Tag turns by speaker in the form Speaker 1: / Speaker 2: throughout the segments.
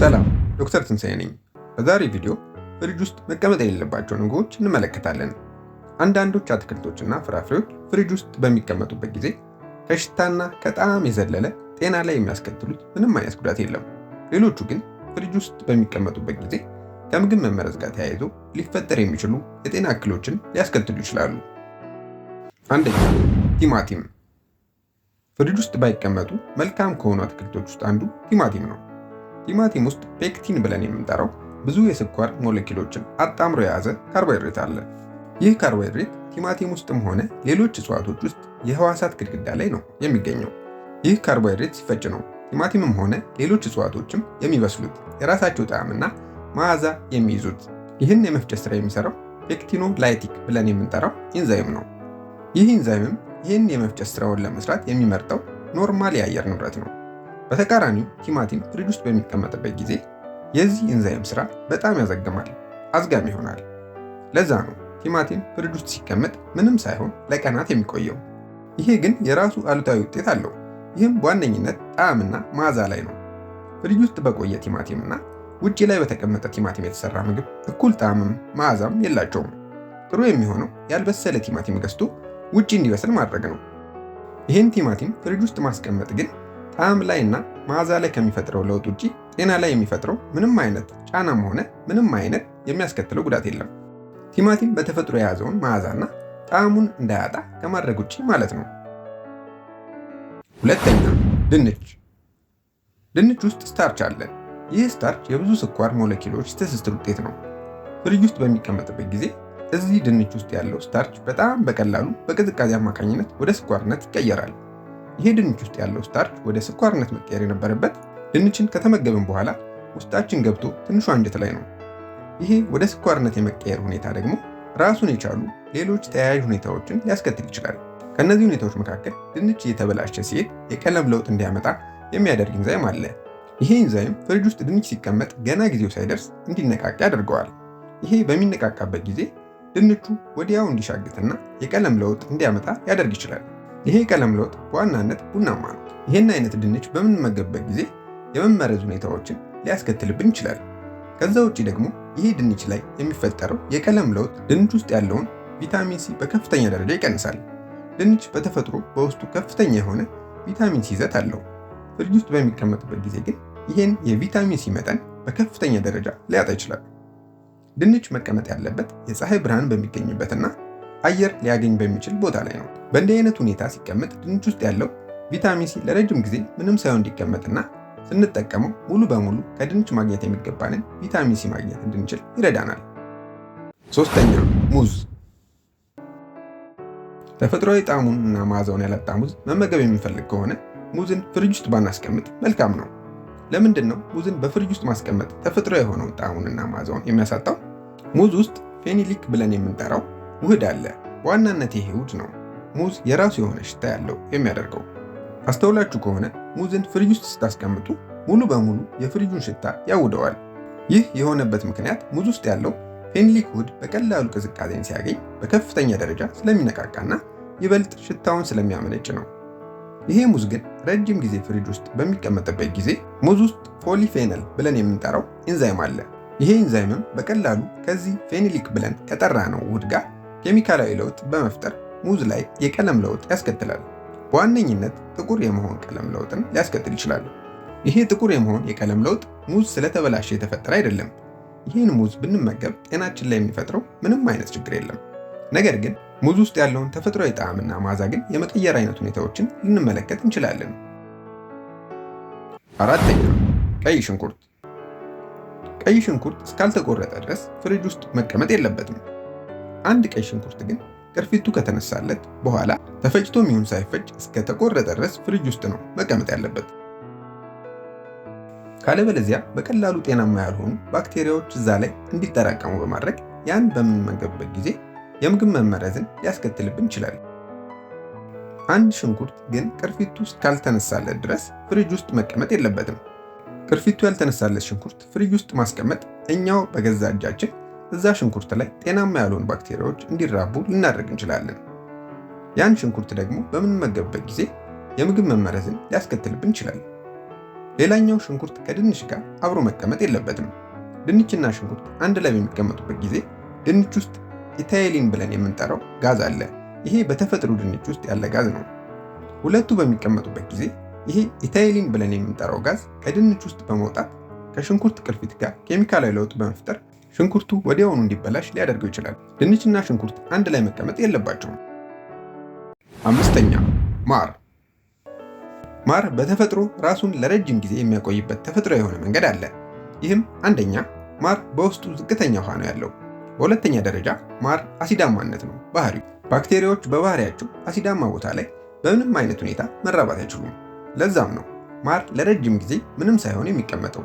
Speaker 1: ሰላም ዶክተር ትንሳኤ ነኝ። በዛሬ ቪዲዮ ፍሪጅ ውስጥ መቀመጥ የሌለባቸው ምግቦች እንመለከታለን። አንዳንዶች አትክልቶችና ፍራፍሬዎች ፍሪጅ ውስጥ በሚቀመጡበት ጊዜ ከሽታና ከጣዕም የዘለለ ጤና ላይ የሚያስከትሉት ምንም አይነት ጉዳት የለም። ሌሎቹ ግን ፍሪጅ ውስጥ በሚቀመጡበት ጊዜ ከምግብ መመረዝ ጋር ተያይዞ ሊፈጠር የሚችሉ የጤና እክሎችን ሊያስከትሉ ይችላሉ። አንደኛ ቲማቲም። ፍሪጅ ውስጥ ባይቀመጡ መልካም ከሆኑ አትክልቶች ውስጥ አንዱ ቲማቲም ነው። ቲማቲም ውስጥ ፔክቲን ብለን የምንጠራው ብዙ የስኳር ሞለኪሎችን አጣምሮ የያዘ ካርቦሃይድሬት አለ። ይህ ካርቦሃይድሬት ቲማቲም ውስጥም ሆነ ሌሎች እጽዋቶች ውስጥ የህዋሳት ግድግዳ ላይ ነው የሚገኘው። ይህ ካርቦሃይድሬት ሲፈጭ ነው ቲማቲምም ሆነ ሌሎች እጽዋቶችም የሚበስሉት የራሳቸው ጣዕምና መዓዛ የሚይዙት። ይህን የመፍጨት ስራ የሚሰራው ፔክቲኖ ላይቲክ ብለን የምንጠራው ኢንዛይም ነው። ይህ ኢንዛይምም ይህን የመፍጨት ስራውን ለመስራት የሚመርጠው ኖርማል የአየር ንብረት ነው። በተቃራኒው ቲማቲም ፍሪጅ ውስጥ በሚቀመጥበት ጊዜ የዚህ ኢንዛይም ስራ በጣም ያዘግማል፣ አዝጋሚ ይሆናል። ለዛ ነው ቲማቲም ፍሪጅ ውስጥ ሲቀመጥ ምንም ሳይሆን ለቀናት የሚቆየው። ይሄ ግን የራሱ አሉታዊ ውጤት አለው። ይህም በዋነኝነት ጣዕምና መዓዛ ላይ ነው። ፍሪጅ ውስጥ በቆየ እና ውጭ ላይ በተቀመጠ ቲማቲም የተሰራ ምግብ እኩል ጣዕምም መዓዛም የላቸውም። ጥሩ የሚሆነው ያልበሰለ ቲማቲም ገዝቶ ውጭ እንዲበስል ማድረግ ነው። ይህን ቲማቲም ፍሪጅ ውስጥ ማስቀመጥ ግን ጣዕም ላይና መዓዛ ላይ ከሚፈጥረው ለውጥ ውጪ ጤና ላይ የሚፈጥረው ምንም አይነት ጫናም ሆነ ምንም አይነት የሚያስከትለው ጉዳት የለም። ቲማቲም በተፈጥሮ የያዘውን መዓዛና ጣዕሙን እንዳያጣ ከማድረግ ውጪ ማለት ነው። ሁለተኛ ድንች። ድንች ውስጥ ስታርች አለ። ይህ ስታርች የብዙ ስኳር ሞለኪሎች ትስስር ውጤት ነው። ፍሪጅ ውስጥ በሚቀመጥበት ጊዜ እዚህ ድንች ውስጥ ያለው ስታርች በጣም በቀላሉ በቅዝቃዜ አማካኝነት ወደ ስኳርነት ይቀየራል። ይሄ ድንች ውስጥ ያለው ስታርች ወደ ስኳርነት መቀየር የነበረበት ድንችን ከተመገብን በኋላ ውስጣችን ገብቶ ትንሿ አንጀት ላይ ነው። ይሄ ወደ ስኳርነት የመቀየር ሁኔታ ደግሞ ራሱን የቻሉ ሌሎች ተያያዥ ሁኔታዎችን ሊያስከትል ይችላል። ከእነዚህ ሁኔታዎች መካከል ድንች እየተበላሸ ሲሄድ የቀለም ለውጥ እንዲያመጣ የሚያደርግ ኢንዛይም አለ። ይሄ ኢንዛይም ፍሪጅ ውስጥ ድንች ሲቀመጥ ገና ጊዜው ሳይደርስ እንዲነቃቅ ያደርገዋል። ይሄ በሚነቃቃበት ጊዜ ድንቹ ወዲያው እንዲሻግትና የቀለም ለውጥ እንዲያመጣ ያደርግ ይችላል። ይሄ ቀለም ለውጥ በዋናነት ቡናማ ነው። ይህን አይነት ድንች በምንመገብበት ጊዜ የመመረዝ ሁኔታዎችን ሊያስከትልብን ይችላል። ከዛ ውጭ ደግሞ ይሄ ድንች ላይ የሚፈጠረው የቀለም ለውጥ ድንች ውስጥ ያለውን ቪታሚን ሲ በከፍተኛ ደረጃ ይቀንሳል። ድንች በተፈጥሮ በውስጡ ከፍተኛ የሆነ ቪታሚን ሲ ይዘት አለው። ፍሪጅ ውስጥ በሚቀመጥበት ጊዜ ግን ይህን የቪታሚን ሲ መጠን በከፍተኛ ደረጃ ሊያጣ ይችላል። ድንች መቀመጥ ያለበት የፀሐይ ብርሃን በሚገኝበትና አየር ሊያገኝ በሚችል ቦታ ላይ ነው። በእንዲህ አይነት ሁኔታ ሲቀመጥ ድንች ውስጥ ያለው ቪታሚን ሲ ለረጅም ጊዜ ምንም ሳይሆን እንዲቀመጥና ስንጠቀመው ሙሉ በሙሉ ከድንች ማግኘት የሚገባንን ቪታሚን ሲ ማግኘት እንድንችል ይረዳናል። ሶስተኛ ሙዝ። ተፈጥሯዊ ጣዕሙን እና መዓዛውን ያላጣ ሙዝ መመገብ የሚፈልግ ከሆነ ሙዝን ፍሪጅ ውስጥ ባናስቀምጥ መልካም ነው። ለምንድን ነው ሙዝን በፍሪጅ ውስጥ ማስቀመጥ ተፈጥሮ የሆነውን ጣዕሙንና መዓዛውን የሚያሳጣው? ሙዝ ውስጥ ፌኒሊክ ብለን የምንጠራው ውህድ አለ። በዋናነት ይሄ ውህድ ነው ሙዝ የራሱ የሆነ ሽታ ያለው የሚያደርገው። አስተውላችሁ ከሆነ ሙዝን ፍሪጅ ውስጥ ስታስቀምጡ ሙሉ በሙሉ የፍሪጁን ሽታ ያውደዋል። ይህ የሆነበት ምክንያት ሙዝ ውስጥ ያለው ፌንሊክ ውህድ በቀላሉ ቅዝቃዜን ሲያገኝ በከፍተኛ ደረጃ ስለሚነቃቃና ይበልጥ ሽታውን ስለሚያመነጭ ነው። ይሄ ሙዝ ግን ረጅም ጊዜ ፍሪጅ ውስጥ በሚቀመጥበት ጊዜ ሙዝ ውስጥ ፖሊፌነል ብለን የምንጠራው ኢንዛይም አለ። ይሄ ኢንዛይምም በቀላሉ ከዚህ ፌኒሊክ ብለን ከጠራ ነው ውህድ ጋር ኬሚካላዊ ለውጥ በመፍጠር ሙዝ ላይ የቀለም ለውጥ ያስከትላል። በዋነኝነት ጥቁር የመሆን ቀለም ለውጥን ሊያስከትል ይችላል። ይሄ ጥቁር የመሆን የቀለም ለውጥ ሙዝ ስለተበላሸ የተፈጠረ አይደለም። ይህን ሙዝ ብንመገብ ጤናችን ላይ የሚፈጥረው ምንም አይነት ችግር የለም። ነገር ግን ሙዝ ውስጥ ያለውን ተፈጥሯዊ ጣዕምና መዓዛ ግን የመቀየር አይነት ሁኔታዎችን ልንመለከት እንችላለን። አራተኛ ቀይ ሽንኩርት። ቀይ ሽንኩርት እስካልተቆረጠ ድረስ ፍሪጅ ውስጥ መቀመጥ የለበትም። አንድ ቀይ ሽንኩርት ግን ቅርፊቱ ከተነሳለት በኋላ ተፈጭቶ የሚሆን ሳይፈጭ እስከ ተቆረጠ ድረስ ፍሪጅ ውስጥ ነው መቀመጥ ያለበት። ካለበለዚያ በቀላሉ ጤናማ ያልሆኑ ባክቴሪያዎች እዛ ላይ እንዲጠራቀሙ በማድረግ ያን በምንመገብበት ጊዜ የምግብ መመረዝን ሊያስከትልብን ይችላል። አንድ ሽንኩርት ግን ቅርፊቱ እስካልተነሳለት ድረስ ፍሪጅ ውስጥ መቀመጥ የለበትም። ቅርፊቱ ያልተነሳለት ሽንኩርት ፍሪጅ ውስጥ ማስቀመጥ እኛው በገዛ እጃችን እዛ ሽንኩርት ላይ ጤናማ ያልሆኑ ባክቴሪያዎች እንዲራቡ ልናደርግ እንችላለን። ያን ሽንኩርት ደግሞ በምንመገብበት ጊዜ የምግብ መመረዝን ሊያስከትልብን ይችላል። ሌላኛው ሽንኩርት ከድንች ጋር አብሮ መቀመጥ የለበትም። ድንችና ሽንኩርት አንድ ላይ በሚቀመጡበት ጊዜ ድንች ውስጥ ኢታይሊን ብለን የምንጠራው ጋዝ አለ። ይሄ በተፈጥሮ ድንች ውስጥ ያለ ጋዝ ነው። ሁለቱ በሚቀመጡበት ጊዜ ይሄ ኢታይሊን ብለን የምንጠራው ጋዝ ከድንች ውስጥ በመውጣት ከሽንኩርት ቅርፊት ጋር ኬሚካላዊ ለውጥ በመፍጠር ሽንኩርቱ ወዲያውኑ እንዲበላሽ ሊያደርገው ይችላል። ድንችና ሽንኩርት አንድ ላይ መቀመጥ የለባቸውም። አምስተኛ ማር። ማር በተፈጥሮ ራሱን ለረጅም ጊዜ የሚያቆይበት ተፈጥሮ የሆነ መንገድ አለ። ይህም አንደኛ ማር በውስጡ ዝቅተኛ ውሃ ነው ያለው። በሁለተኛ ደረጃ ማር አሲዳማነት ነው ባህሪው። ባክቴሪያዎች በባህሪያቸው አሲዳማ ቦታ ላይ በምንም አይነት ሁኔታ መራባት አይችሉም። ለዛም ነው ማር ለረጅም ጊዜ ምንም ሳይሆን የሚቀመጠው።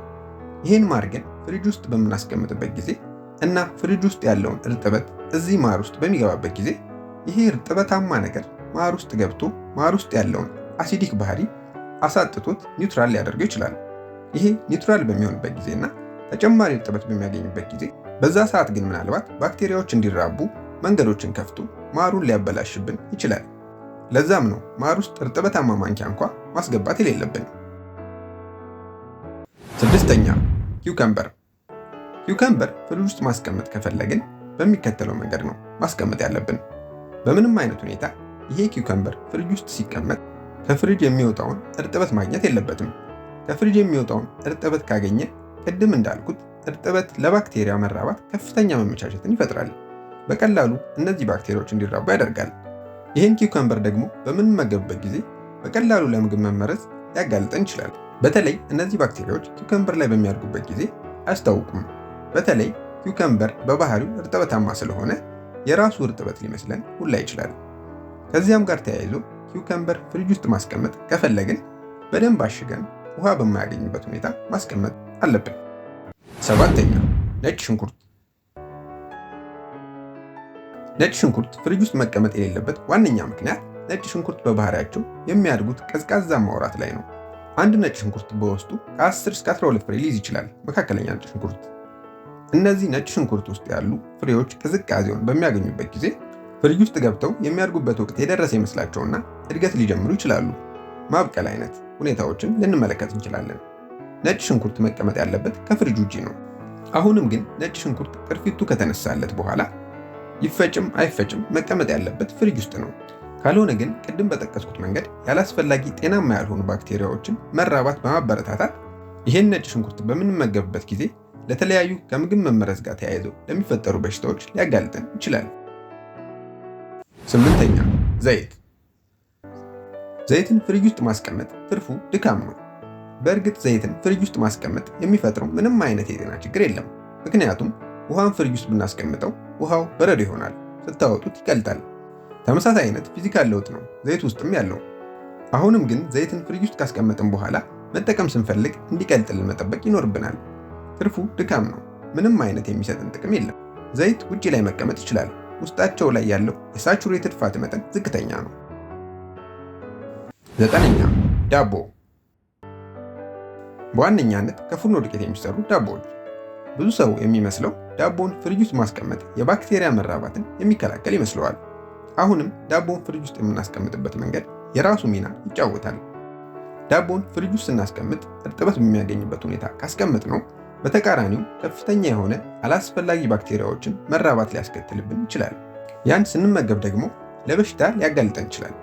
Speaker 1: ይህን ማር ግን ፍሪጅ ውስጥ በምናስቀምጥበት ጊዜ እና ፍሪጅ ውስጥ ያለውን እርጥበት እዚህ ማር ውስጥ በሚገባበት ጊዜ ይሄ እርጥበታማ ነገር ማር ውስጥ ገብቶ ማር ውስጥ ያለውን አሲዲክ ባህሪ አሳጥቶት ኒውትራል ሊያደርገው ይችላል። ይሄ ኒውትራል በሚሆንበት ጊዜና ተጨማሪ እርጥበት በሚያገኝበት ጊዜ በዛ ሰዓት ግን ምናልባት ባክቴሪያዎች እንዲራቡ መንገዶችን ከፍቶ ማሩን ሊያበላሽብን ይችላል። ለዛም ነው ማር ውስጥ እርጥበታማ ማንኪያ እንኳ ማስገባት የሌለብን። ስድስተኛ ኪውከምበር ኪውከምበር ፍሪጅ ውስጥ ማስቀመጥ ከፈለግን በሚከተለው መንገድ ነው ማስቀመጥ ያለብን። በምንም አይነት ሁኔታ ይሄ ኪውከምበር ፍሪጅ ውስጥ ሲቀመጥ ከፍሪጅ የሚወጣውን እርጥበት ማግኘት የለበትም። ከፍሪጅ የሚወጣውን እርጥበት ካገኘ ቅድም እንዳልኩት እርጥበት ለባክቴሪያ መራባት ከፍተኛ መመቻቸትን ይፈጥራል። በቀላሉ እነዚህ ባክቴሪያዎች እንዲራቡ ያደርጋል። ይህን ኪውከምበር ደግሞ በምንመገብበት ጊዜ በቀላሉ ለምግብ መመረዝ ሊያጋልጠን ይችላል። በተለይ እነዚህ ባክቴሪያዎች ኪውከምበር ላይ በሚያድጉበት ጊዜ አያስታውቁም። በተለይ ኪውከምበር በባህሪው እርጥበታማ ስለሆነ የራሱ እርጥበት ሊመስለን ሁላ ይችላል። ከዚያም ጋር ተያይዞ ኪውከምበር ፍሪጅ ውስጥ ማስቀመጥ ከፈለግን በደንብ አሽገን ውሃ በማያገኝበት ሁኔታ ማስቀመጥ አለብን። ሰባተኛ ነጭ ሽንኩርት። ነጭ ሽንኩርት ፍሪጅ ውስጥ መቀመጥ የሌለበት ዋነኛ ምክንያት ነጭ ሽንኩርት በባህሪያቸው የሚያድጉት ቀዝቃዛማ ወራት ላይ ነው። አንድ ነጭ ሽንኩርት በውስጡ ከ10 እስከ 12 ፍሬ ሊይዝ ይችላል። መካከለኛ ነጭ ሽንኩርት። እነዚህ ነጭ ሽንኩርት ውስጥ ያሉ ፍሬዎች ቅዝቃዜውን በሚያገኙበት ጊዜ ፍሪጅ ውስጥ ገብተው የሚያድጉበት ወቅት የደረሰ ይመስላቸውና እድገት ሊጀምሩ ይችላሉ። ማብቀል አይነት ሁኔታዎችን ልንመለከት እንችላለን። ነጭ ሽንኩርት መቀመጥ ያለበት ከፍሪጅ ውጪ ነው። አሁንም ግን ነጭ ሽንኩርት ቅርፊቱ ከተነሳለት በኋላ ይፈጭም አይፈጭም መቀመጥ ያለበት ፍሪጅ ውስጥ ነው። ካልሆነ ግን ቅድም በጠቀስኩት መንገድ ያላስፈላጊ ጤናማ ያልሆኑ ባክቴሪያዎችን መራባት በማበረታታት ይህን ነጭ ሽንኩርት በምንመገብበት ጊዜ ለተለያዩ ከምግብ መመረዝ ጋር ተያይዘው ለሚፈጠሩ በሽታዎች ሊያጋልጠን ይችላል። ስምንተኛ ዘይት። ዘይትን ፍሪጅ ውስጥ ማስቀመጥ ትርፉ ድካም ነው። በእርግጥ ዘይትን ፍሪጅ ውስጥ ማስቀመጥ የሚፈጥረው ምንም አይነት የጤና ችግር የለም። ምክንያቱም ውሃን ፍሪጅ ውስጥ ብናስቀምጠው ውሃው በረዶ ይሆናል፣ ስታወጡት ይቀልጣል። ተመሳሳይ አይነት ፊዚካል ለውጥ ነው ዘይት ውስጥም ያለው። አሁንም ግን ዘይትን ፍሪጅ ውስጥ ካስቀመጥን በኋላ መጠቀም ስንፈልግ እንዲቀልጥልን መጠበቅ ይኖርብናል። ትርፉ ድካም ነው። ምንም አይነት የሚሰጥን ጥቅም የለም። ዘይት ውጪ ላይ መቀመጥ ይችላል። ውስጣቸው ላይ ያለው የሳቹሬትድ ፋት መጠን ዝቅተኛ ነው። ዘጠነኛ ዳቦ። በዋነኛነት ከፉርኖ ዱቄት የሚሰሩ ዳቦዎች። ብዙ ሰው የሚመስለው ዳቦን ፍሪጅ ውስጥ ማስቀመጥ የባክቴሪያ መራባትን የሚከላከል ይመስለዋል። አሁንም ዳቦን ፍሪጅ ውስጥ የምናስቀምጥበት መንገድ የራሱ ሚና ይጫወታል። ዳቦን ፍሪጅ ውስጥ ስናስቀምጥ እርጥበት በሚያገኝበት ሁኔታ ካስቀምጥ ነው በተቃራኒው ከፍተኛ የሆነ አላስፈላጊ ባክቴሪያዎችን መራባት ሊያስከትልብን ይችላል። ያን ስንመገብ ደግሞ ለበሽታ ሊያጋልጠን ይችላል።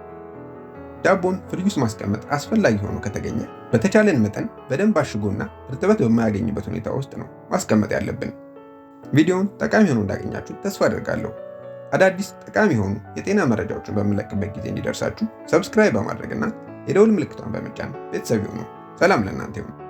Speaker 1: ዳቦን ፍሪጅ ውስጥ ማስቀመጥ አስፈላጊ ሆኖ ከተገኘ በተቻለን መጠን በደንብ አሽጎና እርጥበት በማያገኝበት ሁኔታ ውስጥ ነው ማስቀመጥ ያለብን። ቪዲዮውን ጠቃሚ ሆኖ እንዳገኛችሁ ተስፋ አድርጋለሁ። አዳዲስ ጠቃሚ የሆኑ የጤና መረጃዎችን በምንለቅበት ጊዜ እንዲደርሳችሁ ሰብስክራይብ በማድረግና የደውል ምልክቷን በመጫን ቤተሰብ ይሁኑ። ሰላም ለእናንተ ይሁን።